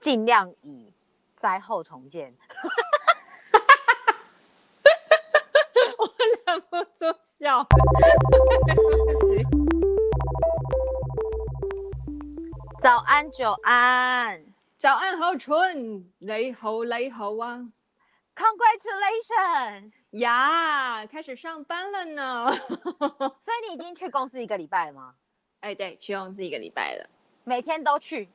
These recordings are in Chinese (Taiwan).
盡量以災後重建。 我忍不住笑。 係早安，久安，早安，好春，你好你好啊！Congratulations！呀，yeah, 開始上班了呢。 所以你已經去公司一個禮拜了嗎？哎、欸，對，去公司一個禮拜了，每天都去。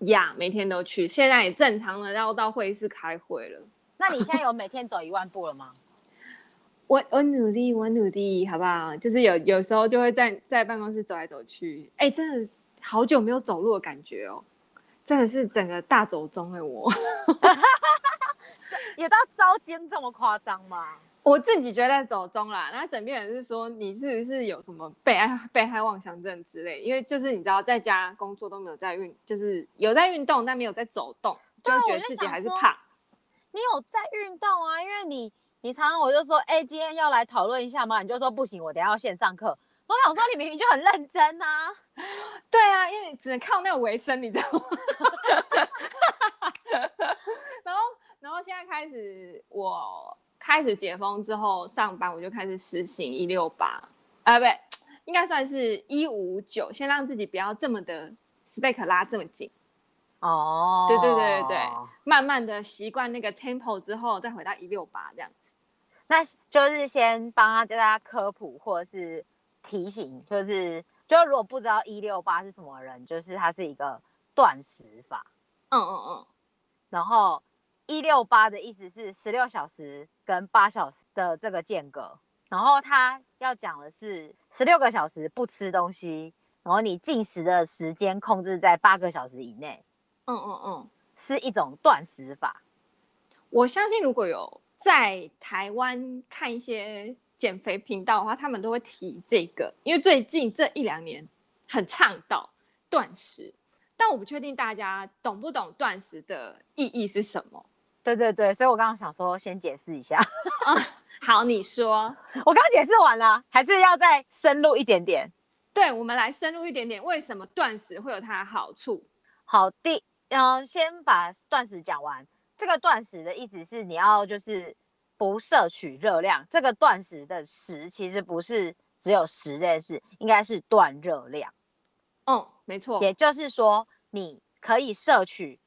呀，yeah, 每天都去，現在也正常了，要到會議室開會了。那你現在有每天走一萬步了嗎？ 我我努力，我努力，好不好？就是有有時候就會在在辦公室走來走去，哎、欸，真的好久沒有走路的感覺哦，真的是整個大走鐘的、欸、我，有 到招精這麼誇張嗎？我自己覺得在走鐘啦，那整遍人是說，你是不是有什麼被害被害妄想症之類？因為就是你知道在家工作都沒有在運，就是有在運動但沒有在走動，對就覺得自己還是胖。你有在運動啊？因為你你常常我就說，哎、欸，今天要來討論一下嗎？你就說不行，我等一下要線上課。我想說你明明就很認真啊，對啊，因為你只能靠那個維生，你知道嗎？ 然後然後現在開始我。開始解封之後上班，我就開始實行一六八，啊不應該算是一五九，先讓自己不要這麼的 spec 拉這麼緊。哦，對對對對，慢慢的習慣那個 tempo 之後，再回到一六八這樣子。那就是先幫他大家科普或者是提醒，就是就如果不知道一六八是什麼人，就是它是一個斷食法。嗯嗯嗯，然後。一六八的意思是十六小時跟八小時的這個間隔，然後他要講的是十六個小時不吃東西，然後你進食的時間控制在八個小時以內。嗯嗯嗯，是一種斷食法。我相信如果有在台灣看一些減肥頻道的話，他們都會提這個，因為最近這一兩年很倡導斷食，但我不確定大家懂不懂斷食的意義是什麼。對對對，所以我剛剛想說先解釋一下。嗯、好，你說，我剛解釋完了，還是要再深入一點點。對，我們來深入一點點，為什麼斷食會有它的好處？好，第，嗯、呃，先把斷食講完。這個斷食的意思是你要就是不攝取熱量。這個斷食的食其實不是只有食這件事，應該是斷熱量。嗯，沒錯。也就是說，你可以攝取。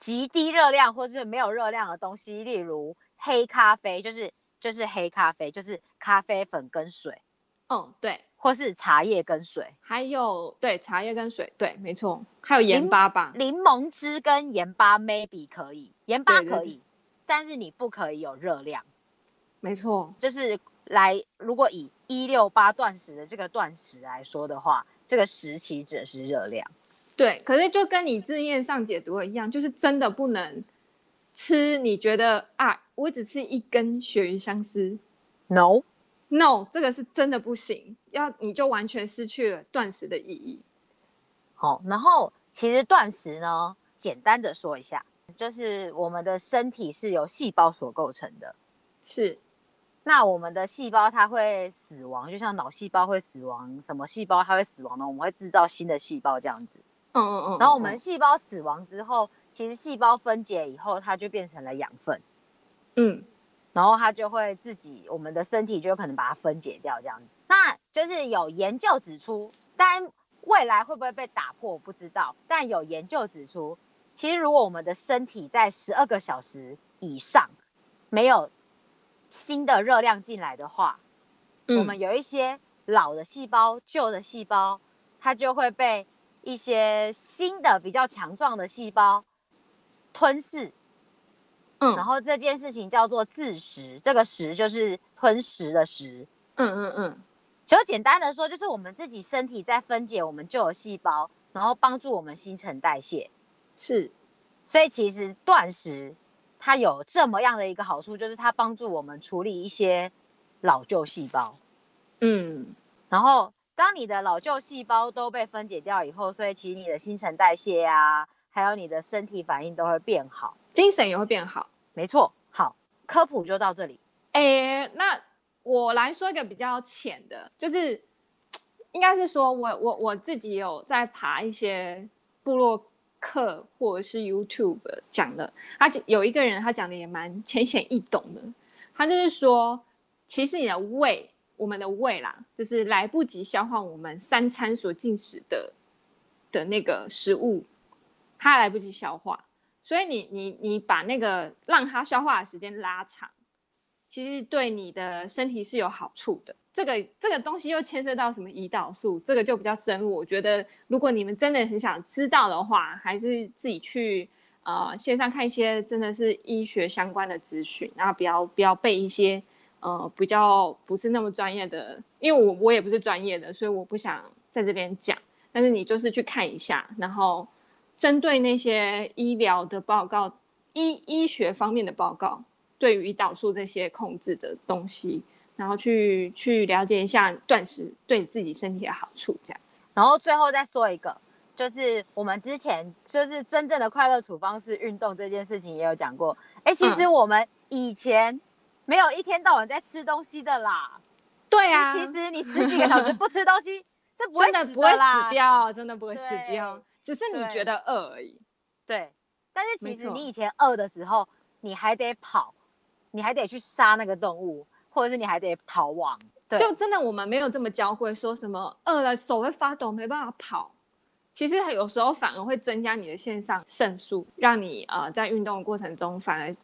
極低熱量或是沒有熱量的東西，例如黑咖啡，就是就是黑咖啡，就是咖啡粉跟水，嗯，對，或是茶葉跟水，還有對茶葉跟水，對，沒錯，還有鹽巴吧，檸檬汁跟鹽巴 maybe 可以，鹽巴可以，但是你不可以有熱量，沒錯，就是來如果以一六八斷食的這個斷食來說的話，這個時期只是熱量。對，可是就跟你字面上解讀的一樣，就是真的不能吃。你覺得啊，我只吃一根鱈魚香絲。no，no，這個是真的不行。要你就完全失去了斷食的意義。好，然後其實斷食呢，簡單的說一下，就是我們的身體是由細胞所構成的，是。那我們的細胞它會死亡，就像腦細胞會死亡，什麼細胞它會死亡呢？我們會制造新的細胞，這樣子。嗯嗯嗯，然後我們細胞死亡之後，其實細胞分解以後，它就變成了養分，嗯，然後它就會自己，我們的身體就可能把它分解掉，這樣子。那就是有研究指出，但未來會不會被打破我不知道。但有研究指出，其實如果我們的身體在十二個小時以上沒有新的熱量進來的話，嗯，我們有一些老的細胞、舊的細胞，它就會被。一些新的比較強壯的細胞吞噬，嗯，然後這件事情叫做自噬，這個噬就是吞噬的噬，嗯嗯嗯，就簡單的說，就是我們自己身體在分解我們舊的細胞，然後幫助我們新陳代謝，是，所以其實斷食，它有這麼樣的一個好處，就是它幫助我們處理一些老舊細胞，嗯，然後。當你的老舊細胞都被分解掉以後，所以其實你的新陳代謝啊，還有你的身體反應都會變好，精神也會變好。沒錯，好，科普就到這裡。哎，那我來說一個比較淺的，就是應該是說我我我自己有在爬一些部落客或者是 YouTube 講的，他有一個人他講的也蠻淺顯易懂的，他就是說，其實你的胃。我們的胃啦，就是來不及消化我們三餐所進食的的那個食物，它來不及消化，所以你你你把那個讓它消化的時間拉長，其實對你的身體是有好處的。這個這個東西又牽涉到什麼胰島素，這個就比較深入。我覺得如果你們真的很想知道的話，還是自己去啊、呃、線上看一些真的是醫學相關的資訊，然後不要不要被一些。呃，比較不是那麼專業的，因為我我也不是專業的，所以我不想在這邊講。但是你就是去看一下，然後針對那些醫療的報告、醫醫學方面的報告，對於胰島素這些控制的東西，然後去去了解一下斷食對自己身體的好處這樣子。然後最後再說一個，就是我們之前就是真正的快樂處方是運動這件事情也有講過。哎、欸，其實我們以前、嗯。沒有一天到晚在吃東西的啦，對啊，其實你十幾個小時不吃東西是不會死的， 真的不會死掉，真的不會死掉，對只是你覺得餓而已對。對，但是其實你以前餓的時候，你還得跑，你還得去殺那個動物，或者是你還得逃亡。對，就真的我們沒有這麼嬌貴，說什麼餓了手會發抖沒辦法跑，其實有時候反而會增加你的腎上腺素，讓你呃在運動的過程中反而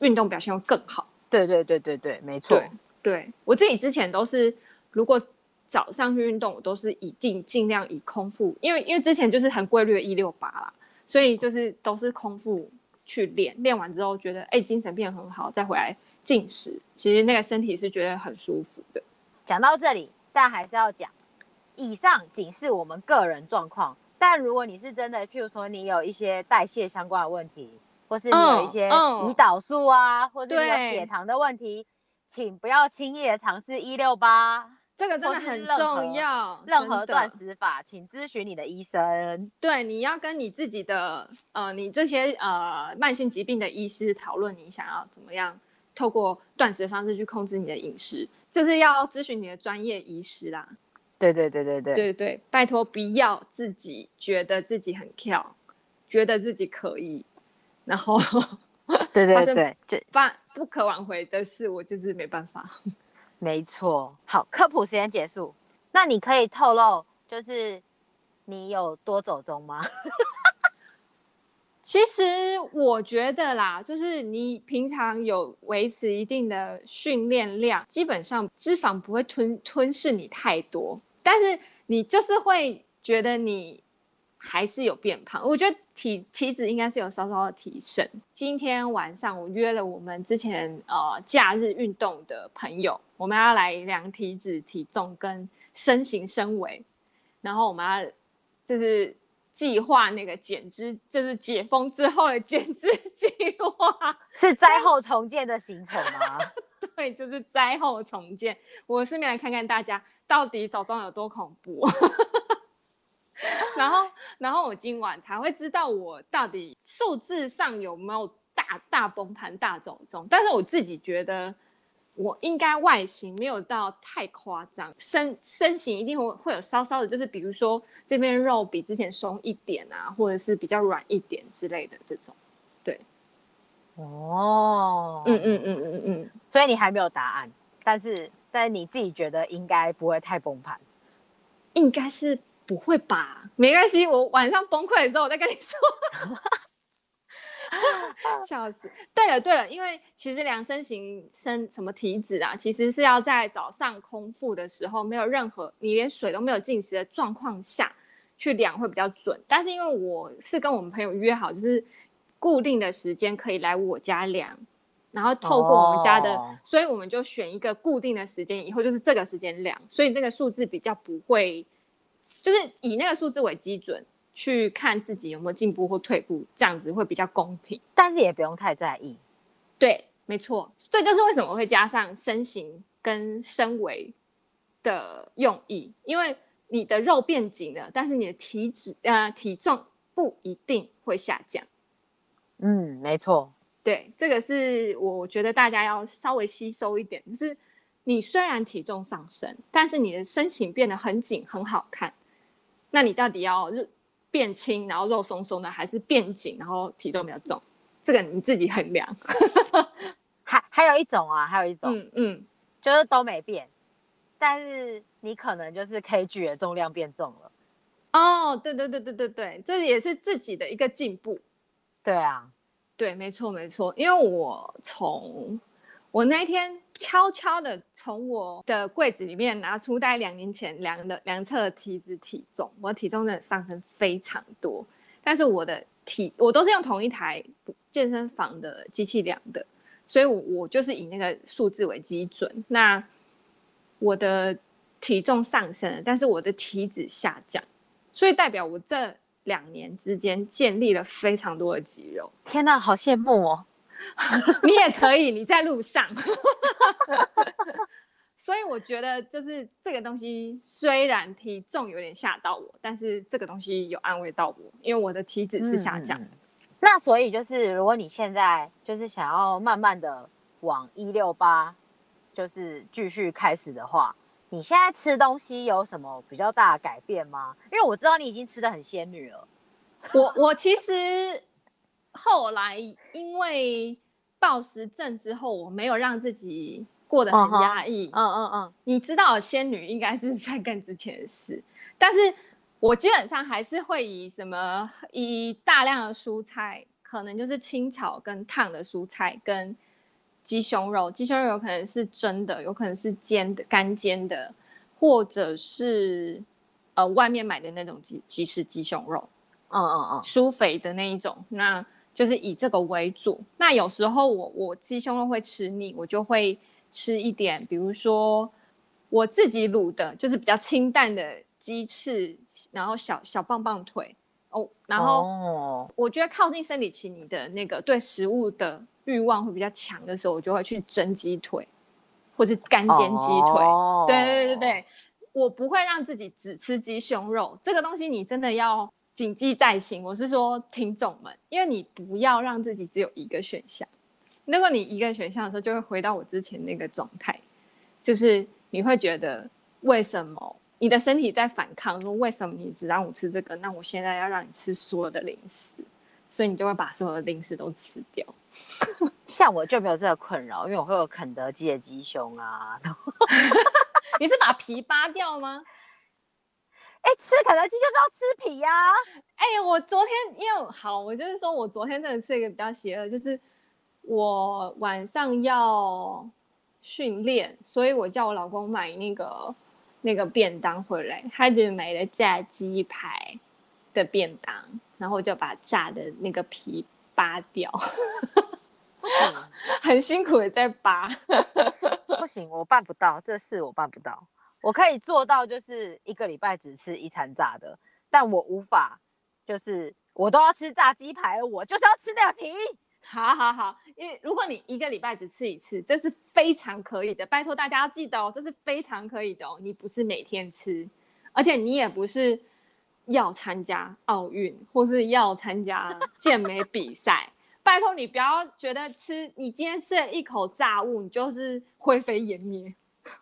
運動表現會更好。對對對對對，沒錯。對，對，我自己之前都是，如果早上去運動，我都是一定盡量以空腹，因為因為之前就是很規律的一六八啦，所以就是都是空腹去練，練完之後覺得哎，精神變得很好，再回來進食，其實那個身體是覺得很舒服的。講到這裡，但還是要講，以上僅是我們個人狀況，但如果你是真的，譬如說你有一些代謝相關的問題。或是你有一些胰島素啊，嗯、或是有血糖的問題，對請不要輕易的嘗試一六八，這個真的很重要。任何，的任何斷食法，請諮詢你的醫生。對，你要跟你自己的呃，你這些呃慢性疾病的醫師討論，你想要怎麼樣透過斷食方式去控制你的飲食，就是要諮詢你的專業醫師啦。對對對對對對對，對對，拜托不要自己覺得自己很強，覺得自己可以。 然後，對，對對對，就不可挽回的事，就我就是沒辦法。沒錯，好，科普時間結束。那你可以透露，就是你有多走鐘嗎？ 其實我覺得啦，就是你平常有維持一定的訓練量，基本上脂肪不會吞吞噬你太多，但是你就是會覺得你還是有變胖。我覺得。體體脂應該是有稍稍的提升。今天晚上我約了我們之前呃假日運動的朋友，我們要來量體脂、體重跟身形身圍，然後我們要就是計劃那個減脂，就是解封之後的減脂計劃。是災後重建的行程嗎？ 對，就是災後重建。我順便來看看大家到底走鐘有多恐怖。 然後，然後我今晚才會知道我到底數字上有沒有大大崩盤、大走鐘。但是我自己覺得，我應該外形沒有到太誇張，身身形一定會會有稍稍的，就是比如說，這邊肉比之前鬆一點啊，或者是比較軟一點之類的這種。對，哦，嗯嗯嗯嗯嗯嗯，嗯嗯嗯嗯，所以你還沒有答案，但是但是你自己覺得應該不會太崩盤，應該是。不會吧？沒關係，我晚上崩潰的時候，我再跟你說,， 笑死。對了對了，因為其實量身形身什麼體脂啊，其實是要在早上空腹的時候，沒有任何你連水都沒有進食的狀況下，去量會比較準。但是因為我是跟我們朋友約好，就是固定的時間可以來我家量，然後透過我們家的，哦、所以我們就選一個固定的時間，以後就是這個時間量，所以這個數字比較不會。就是以那個數字為基準去看自己有沒有進步或退步，這樣子會比較公平。但是也不用太在意，對，沒錯。這就是為什麼會加上身形跟身圍的用意，因為你的肉變緊了，但是你的體脂、呃體重不一定會下降。嗯，沒錯。對，這個是我覺得大家要稍微吸收一點，就是你雖然體重上升，但是你的身形變得很緊，很好看。那你到底要變輕，然後肉鬆鬆的，還是變緊，然後體重比較重？這個你自己衡量。 還還有一種啊，還有一種，嗯嗯，嗯就是都沒變，但是你可能就是 KG 的重量變重了。哦，對對對對對對，這也是自己的一個進步。對啊，對，沒錯沒錯，因為我從。我那天悄悄地從我的櫃子裡面拿出大概兩年前量的量測的體脂體重，我的體重真的上升非常多，但是我的體我都是用同一台健身房的機器量的，所以我我就是以那個數字為基準。那我的體重上升了，但是我的體脂下降，所以代表我這兩年之間建立了非常多的肌肉。天哪，好羨慕哦！ 你也可以，你在路上， 所以我覺得就是這個東西，雖然體重有點嚇到我，但是這個東西有安慰到我，因為我的體脂是下降的。嗯嗯。那所以就是，如果你現在就是想要慢慢的往一六八，就是繼續開始的話，你現在吃東西有什麼比較大的改變嗎？因為我知道你已經吃的很仙女了。我我其實。後來因為暴食症之後，我沒有讓自己過得很壓抑。嗯嗯嗯，huh. uh huh. 你知道仙女應該是在干之前的事，但是我基本上還是會以什麼以大量的蔬菜，可能就是清炒跟燙的蔬菜，跟雞胸肉。雞胸肉有可能是蒸的，有可能是煎的，乾煎的，或者是呃外面買的那種雞、即食雞胸肉。嗯嗯嗯，舒、huh. 肥的那一種那就是以這個為主。那有時候我我雞胸肉會吃膩，我就會吃一點，比如說我自己滷的，就是比較清淡的雞翅，然後小小棒棒腿哦。然後、Oh. 我覺得靠近生理期，你的那個對食物的慾望會比較強的時候，我就會去蒸雞腿或是乾煎雞腿。Oh. 對對對對，我不會讓自己只吃雞胸肉，這個東西你真的要。謹記在心，我是說聽眾們，因為你不要讓自己只有一個選項。如果你一個選項的時候，就會回到我之前那個狀態，就是你會覺得為什麼你的身體在反抗？說為什麼你只讓我吃這個？那我現在要讓你吃所有的零食，所以你就會把所有的零食都吃掉。像我就沒有這個困擾，因為我會有肯德基的雞胸啊。 你是把皮扒掉嗎？吃肯德基就是要吃皮呀！啊，哎、欸，我昨天因為好，我就是說我昨天真的是一個比較邪惡，就是我晚上要訓練，所以我叫我老公買那個那個便當回來，他就買了炸雞排的便當，然後我就把炸的那個皮扒掉， 嗯、很辛苦的在扒， 不行，我辦不到，這事我辦不到。我可以做到，就是一個禮拜只吃一餐炸的，但我無法，就是我都要吃炸雞排，我就是要吃掉皮。好好好，因為如果你一個禮拜只吃一次，這是非常可以的。拜託大家要記得哦，這是非常可以的哦，你不是每天吃，而且你也不是要參加奧運或是要參加健美比賽。 拜託你不要覺得吃，你今天吃了一口炸物，你就是灰飛煙滅。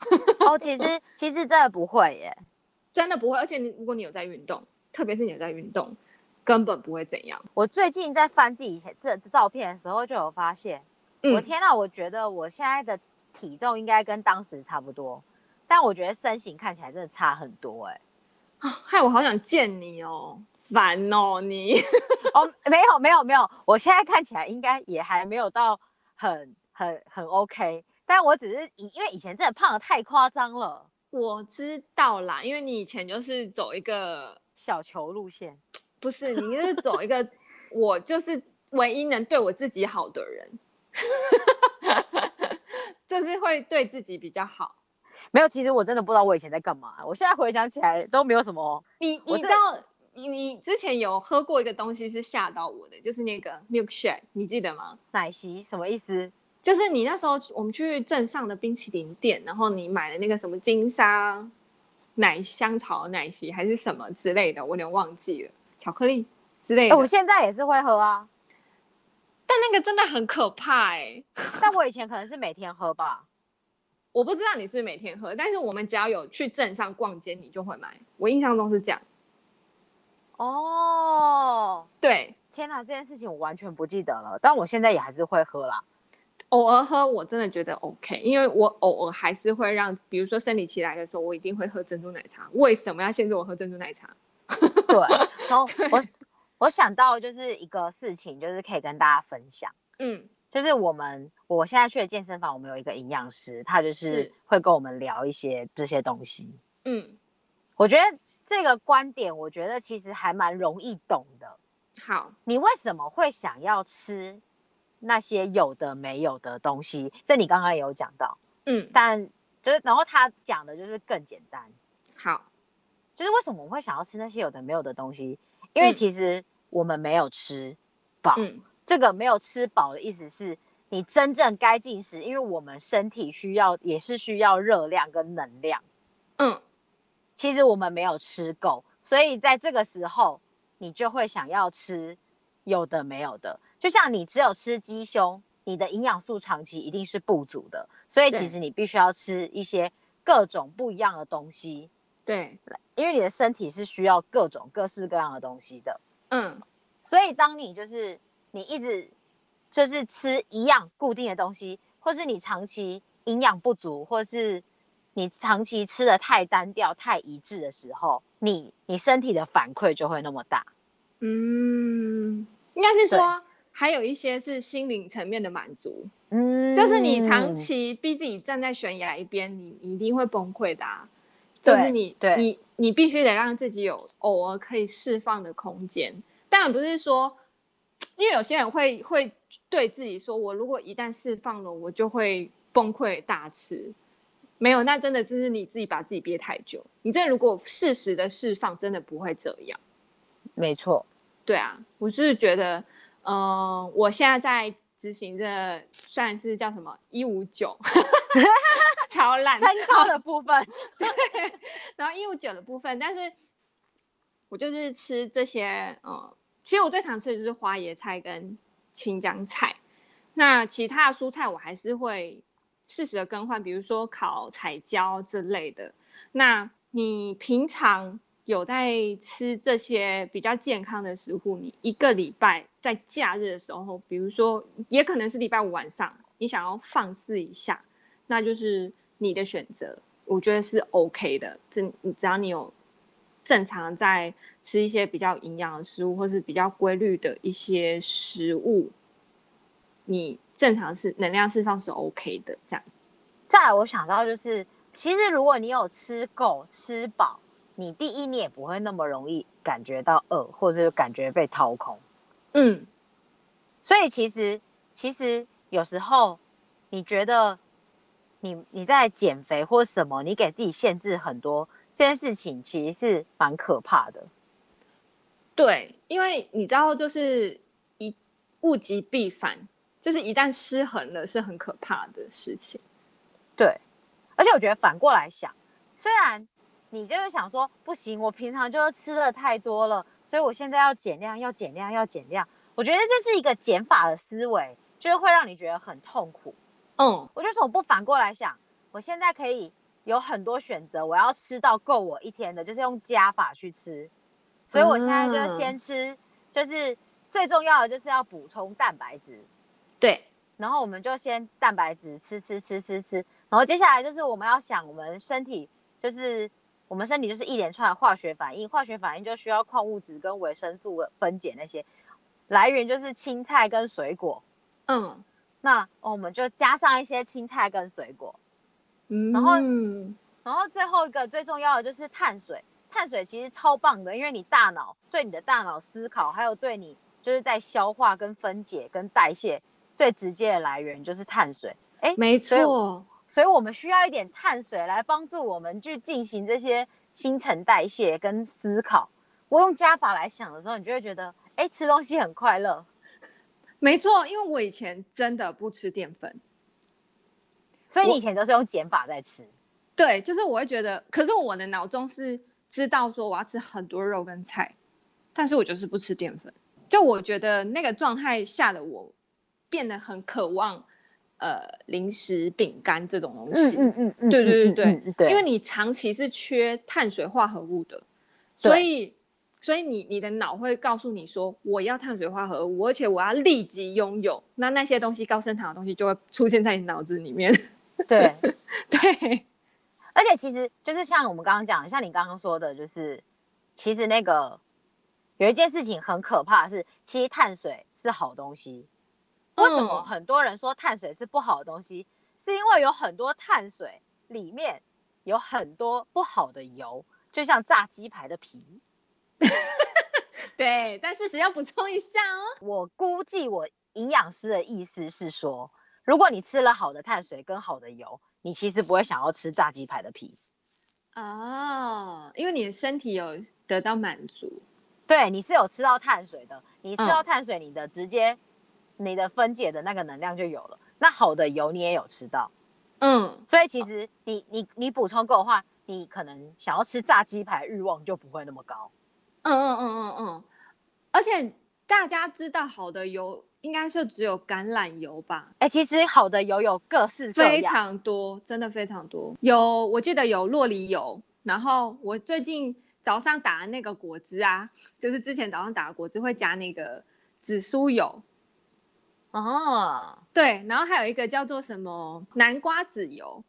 哦，其實其實真的不會耶，真的不會。而且你如果你有在運動，特別是你有在運動，根本不會怎樣。我最近在翻自己以前這照片的時候，就有發現，嗯、我天哪、啊，我覺得我現在的體重應該跟當時差不多，但我覺得身形看起來真的差很多哎，害、啊、我好想見你哦，煩哦你。 哦，沒有沒有沒有，我現在看起來應該也還沒有到很很很 OK。但我只是以因為以前真的胖得太誇張了，我知道啦，因為你以前就是走一個小球路線，不是，你就是走一個 我就是唯一能對我自己好的人， 就是會對自己比較好。沒有，其實我真的不知道我以前在幹嘛，我現在回想起來都沒有什麼。你你知道你這你之前有喝過一個東西是嚇到我的，就是那個 milkshake，你記得嗎？奶昔什麼意思？就是你那時候我們去鎮上的冰淇淋店，然後你買了那個什麼金沙奶香草奶昔還是什麼之類的，我有點忘記了，巧克力之類的。欸、我現在也是會喝啊，但那個真的很可怕哎、欸。但我以前可能是每天喝吧， 我不知道你是每天喝，但是我們只要有去鎮上逛街，你就會買。我印象中是這樣。哦，對，天哪，這件事情我完全不記得了，但我現在也還是會喝啦。偶爾喝我真的覺得 OK，因為我偶爾還是會讓，比如說生理期來的時候，我一定會喝珍珠奶茶。為什麼要限制我喝珍珠奶茶？ 對，然後對我我想到就是一個事情，就是可以跟大家分享。嗯，就是我們我現在去的健身房，我們有一個營養師，他就是會跟我們聊一些這些東西。嗯，我覺得這個觀點，我覺得其實還蠻容易懂的。好，你為什麼會想要吃？那些有的沒有的東西，這你剛剛也有講到，嗯，但就是然後他講的就是更簡單，好，就是為什麼我們會想要吃那些有的沒有的東西？因為其實我們沒有吃飽，嗯，這個沒有吃飽的意思是，嗯，你真正該進食，因為我們身體需要也是需要熱量跟能量，嗯，其實我們沒有吃夠，所以在這個時候你就會想要吃有的沒有的。就像你只有吃雞胸，你的營養素長期一定是不足的。所以其實你必須要吃一些各種不一樣的東西。對，因為你的身體是需要各種各式各樣的東西的。嗯，所以當你就是你一直就是吃一樣固定的東西，或是你長期營養不足，或是你長期吃的太單調太一致的時候，你你身體的反饋就會那麼大。嗯，應該是說。還有一些是心靈層面的滿足，嗯，就是你長期逼自己站在懸崖一邊，嗯、你你一定會崩潰的、啊，對就是你對，你你必須得讓自己有偶爾可以釋放的空間。當然不是說，因為有些人會會對自己說，我如果一旦釋放了，我就會崩潰大吃。沒有，那真的就是你自己把自己憋太久。你這如果適時的釋放，真的不會這樣。沒錯錯，對啊，我就是覺得。嗯，我現在在執行着，算是叫什麼一五九，9, 超爛懶 身高的部分， 對。然後一五九的部分，但是，我就是吃這些。嗯，其實我最常吃的就是花椰菜跟青江菜，那其他的蔬菜我還是會適時的更換，比如說烤彩椒之類的。那你平常有在吃這些比較健康的食物？你一個禮拜？在假日的時候，比如說，也可能是禮拜五晚上，你想要放肆一下，那就是你的選擇。我覺得是 OK 的，正只要你有正常在吃一些比較營養的食物，或是比較規律的一些食物，你正常是能量釋放是 OK 的。這樣，再來我想到就是，其實如果你有吃夠吃飽，你第一你也不會那麼容易感覺到餓，或者感覺被掏空。嗯，所以其實其實有時候你覺得你你在減肥或什麼，你給自己限制很多，這件事情其實是蠻可怕的。對，因為你知道，就是一物極必反，就是一旦失衡了，是很可怕的事情。對，而且我覺得反過來想，雖然你就是想說不行，我平常就是吃的太多了。所以，我現在要減量，要減量，要減量。我覺得這是一個減法的思維，就是會讓你覺得很痛苦。嗯，我就從不反過來想，我現在可以有很多選擇，我要吃到夠我一天的，就是用加法去吃。所以我現在就是先吃，嗯、就是最重要的就是要補充蛋白質。對，然後我們就先蛋白質吃吃吃吃吃，然後接下來就是我們要想我們身體就是。我們身體就是一連串的化學反應，化學反應就需要礦物質跟維生素的分解，那些來源就是青菜跟水果，嗯，那我們就加上一些青菜跟水果，嗯，然後嗯，然後最後一個最重要的就是碳水。碳水其實超棒的，因為你大腦，對你的大腦思考，還有對你就是在消化跟分解跟代謝最直接的來源就是碳水，誒，沒錯。所以我們需要一點碳水來幫助我們去進行這些新陳代謝跟思考。我用加法來想的時候，你就會覺得，哎，吃東西很快樂。沒錯，因為我以前真的不吃澱粉，所以你以前都是用減法在吃。對，就是我會覺得，可是我的腦中是知道說我要吃很多肉跟菜，但是我就是不吃澱粉。就我覺得那個狀態下的我，變得很渴望。呃，零食、餅乾這種東西，嗯嗯嗯對對對對，嗯嗯嗯、對，因為你長期是缺碳水化合物的，對所以，所以你你的腦會告訴你說，我要碳水化合物，而且我要立即擁有，那那些東西高升糖的東西就會出現在你腦子裡面。對， 對，而且其實就是像我們剛剛講，像你剛剛說的，就是其實那個有一件事情很可怕是，是其實碳水是好東西。為什麼很多人說碳水是不好的東西？嗯、是因為有很多碳水裡面有很多不好的油，就像炸雞排的皮。 對，但事實要補充一下哦。我估計我營養師的意思是說，如果你吃了好的碳水跟好的油，你其實不會想要吃炸雞排的皮。哦，因為你的身體有得到滿足。對，你是有吃到碳水的，你吃到碳水，你的直接、嗯。你的分解的那個能量就有了，那好的油你也有吃到，嗯，所以其實你、哦、你你補充夠的話，你可能想要吃炸雞排欲望就不會那麼高。嗯嗯嗯嗯嗯，而且大家知道好的油應該是只有橄欖油吧？哎、欸，其實好的油有各式各樣非常多，真的非常多。有，我記得有酪梨油，然後我最近早上打的那個果汁啊，就是之前早上打的果汁會加那個紫蘇油。哦，uh huh. 對，然後還有一個叫做什麼南瓜籽油。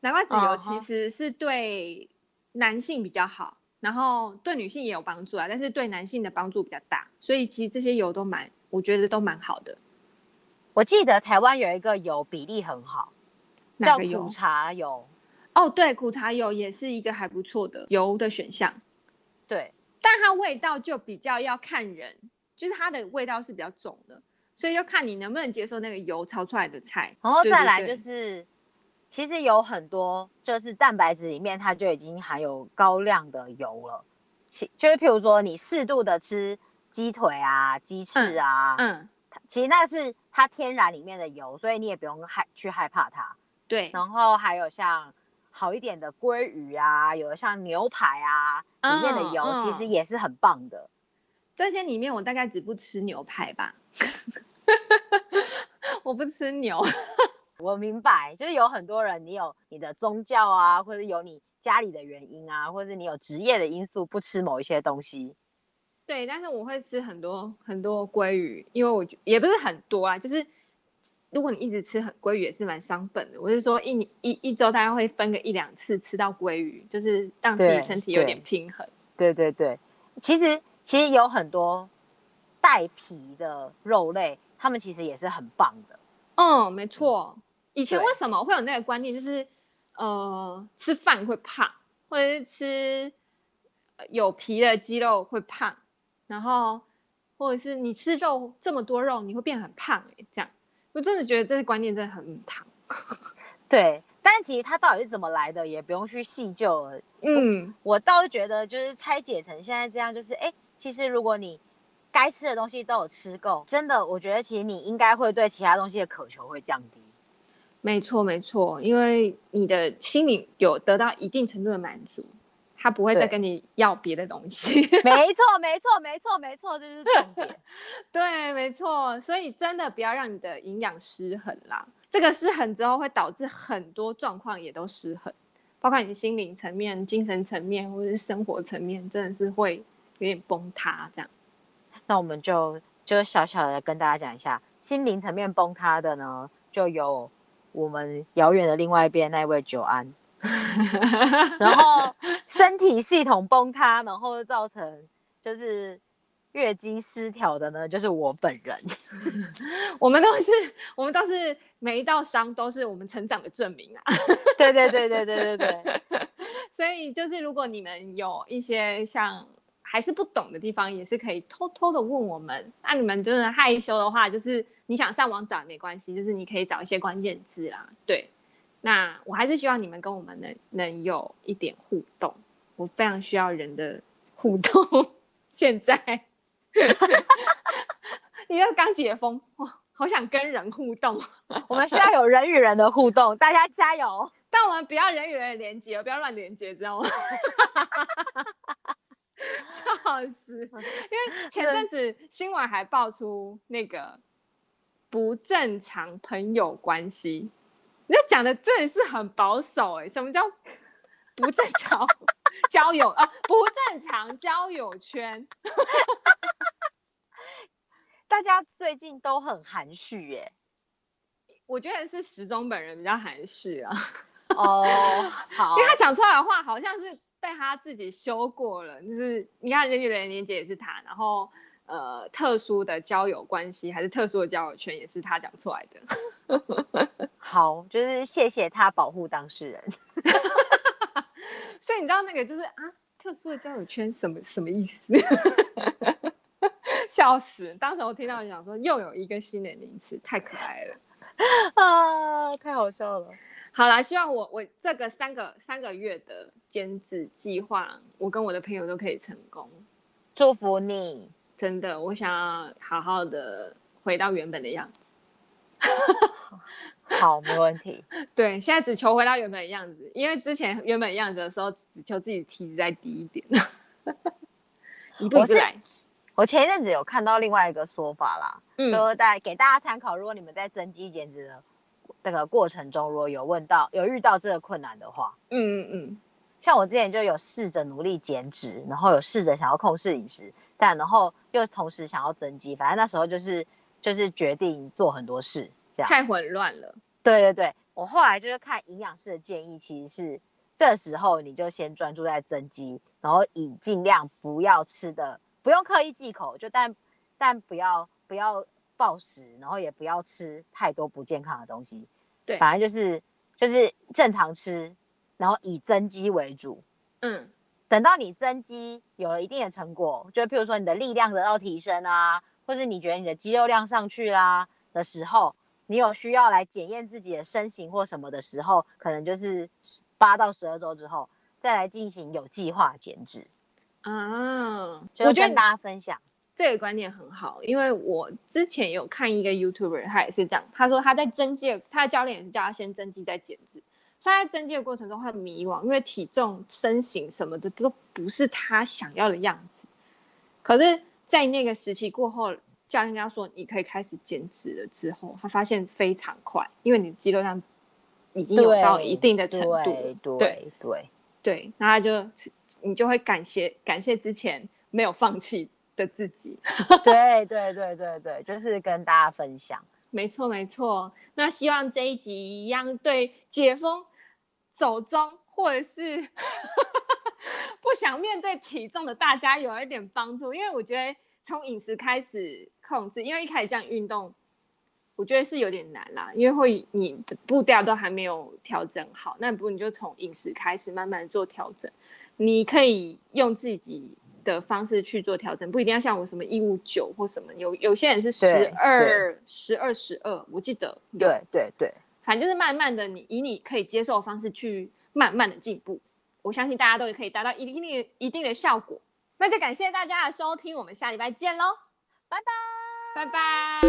南瓜籽油其實是對男性比較好，uh huh. 然後對女性也有幫助啊，但是對男性的幫助比較大，所以其實這些油都蠻，我覺得都蠻好的。我記得台灣有一個油比例很好，叫苦茶油。哪個油？哦，oh, 對，苦茶油也是一個還不錯的油的選項。對，但它味道就比較要看人，就是它的味道是比較重的。所以要看你能不能接受那個油炒出來的菜，然後再來就是，對對，其實有很多就是蛋白質裡面它就已經含有高量的油了，其就是譬如說你適度的吃雞腿啊、雞翅啊，嗯，嗯，其實那是它天然裡面的油，所以你也不用害去害怕它。對，然後還有像好一點的鮭魚啊，有的像牛排啊，裡面的油其實也是很棒的。哦，哦。這些裡面，我大概只不吃牛排吧。 我不吃牛，我明白，就是有很多人，你有你的宗教啊，或者有你家裡的原因啊，或者是你有職業的因素不吃某一些東西。對，但是我會吃很多很多鮭魚，因為我覺得也不是很多啊，就是如果你一直吃很鮭魚也是蠻傷本的。我是說一，一一一周大概會分個一兩次吃到鮭魚，就是讓自己身體有點平衡。對，對對對，其實。其實有很多帶皮的肉類，他們其實也是很棒的。嗯，沒錯。以前為什麼會有那個觀念，就是對呃，吃飯會胖，或者是吃有皮的雞肉會胖，然後或者是你吃肉這麼多肉，你會變很胖，欸哎，這樣我真的覺得這個觀念真的很荒唐。對，但其實它到底是怎麼來的，也不用去細究。嗯，我倒是覺得就是拆解成現在這樣，就是哎。欸其實，如果你該吃的東西都有吃夠，真的，我覺得其實你應該會對其他東西的渴求會降低。沒錯，沒錯，因為你的心裡有得到一定程度的滿足，他不會再跟你要別的東西。對 沒錯，沒錯，沒錯，沒錯，這就是重點。 對，沒錯。所以真的不要讓你的營養失衡啦，這個失衡之後會導致很多狀況也都失衡，包括你心靈層面、精神層面或者是生活層面，真的是會。有點崩塌，這樣，那我們就就小小的跟大家講一下，心靈層面崩塌的呢，就有我們遙遠的另外一邊那位久安， 然後 身體系統崩塌，然後造成就是月經失調的呢，就是我本人。 我們都是我們都是每一道傷都是我們成長的證明啊！對 對對對對對對， 所以就是如果你們有一些像。還是不懂的地方也是可以偷偷的問我們。那、啊、你們真的害羞的話，就是你想上網找也沒關係，就是你可以找一些關鍵字啦。對，那我還是希望你們跟我們能能有一點互動。我非常需要人的互動。現在，你又剛解封，哇，好想跟人互動。我們需要有人與人的互動， 大家加油。但我們不要人與人的連結，不要亂連結，知道嗎？ 笑死！因為前陣子新聞還爆出那個不正常朋友關係，那講的真的是很保守哎、欸。什麼叫不正常交友？ 啊不正常交友圈， 大家最近都很含蓄耶、欸，我覺得是時中本人比較含蓄啊。哦，oh, 好，因為他講出來的話好像是。被他自己修過了，就是你看，人與人連結也是他，然後呃，特殊的交友關係還是特殊的交友圈，也是他講出來的。 好，就是謝謝他保護當事人。 所以你知道那個就是啊，特殊的交友圈什麼什麼意思？笑，笑死！當時我聽到你講說又有一個新的名詞，太可愛了 啊，太好笑了。好啦，希望我我這個三個三個月的減脂計劃，我跟我的朋友都可以成功。祝福你，真的，我想要好好的回到原本的樣子。 好，沒問題。對，現在只求回到原本的樣子，因為之前原本的樣子的時候，只求自己體脂再低一點。 一步一步來。我是我前一陣子有看到另外一個說法啦，嗯、說，在給大家參考，如果你們在增肌減脂呢？這個過程中，如果有問到有遇到這個困難的話，嗯嗯嗯，嗯，像我之前就有試着努力減脂，然後有試着想要控制飲食，但然後又同時想要增肌，反正那時候就是就是決定做很多事，這樣太混亂了。對對對，我後來就是看營養師的建議，其實是這時候你就先專注在增肌，然後以儘量不要吃的，不用刻意忌口，就但但不要不要暴食，然後也不要吃太多不健康的東西。對，反正就是就是正常吃，然後以增肌為主。嗯，等到你增肌有了一定的成果，就譬如說你的力量得到提升啊，或是你覺得你的肌肉量上去啦、啊、的時候，你有需要來檢驗自己的身形或什麼的時候，可能就是八到十二周之後再來進行有計劃減脂。嗯、啊，我覺得就跟大家分享。這個觀念很好，因為我之前有看一個 YouTuber，他也是這樣。他說他在增肌的，他的教練也是叫他先增肌再減脂。所以他在增肌的過程中，他迷惘，因為體重、身形什麼的都不是他想要的樣子。可是，在那個時期過後，教練跟他說：“你可以開始減脂了。”之後，他發現非常快，因為你肌肉量已經有到一定的程度。對對對，對，對，那他就你就會感謝感謝之前沒有放棄。的自己， 對對對對對，就是跟大家分享，沒錯沒錯。那希望這一集一樣對解封、走鐘，或者是 不想面對體重的大家有一點幫助，因為我覺得從飲食開始控制，因為一開始這樣運動，我覺得是有點難啦，因為會你的步調都還沒有調整好，那不你就從飲食開始慢慢做調整，你可以用自己。的方式去做調整，不一定要像我什麼一五九或什麼，有有些人是十二、十二、十二，我記得。對對對，對對反正就是慢慢的你，你以你可以接受的方式去慢慢的進步，我相信大家都也可以達到一定一定的效果。那就感謝大家的收聽，我們下禮拜見嘍，拜拜，拜拜。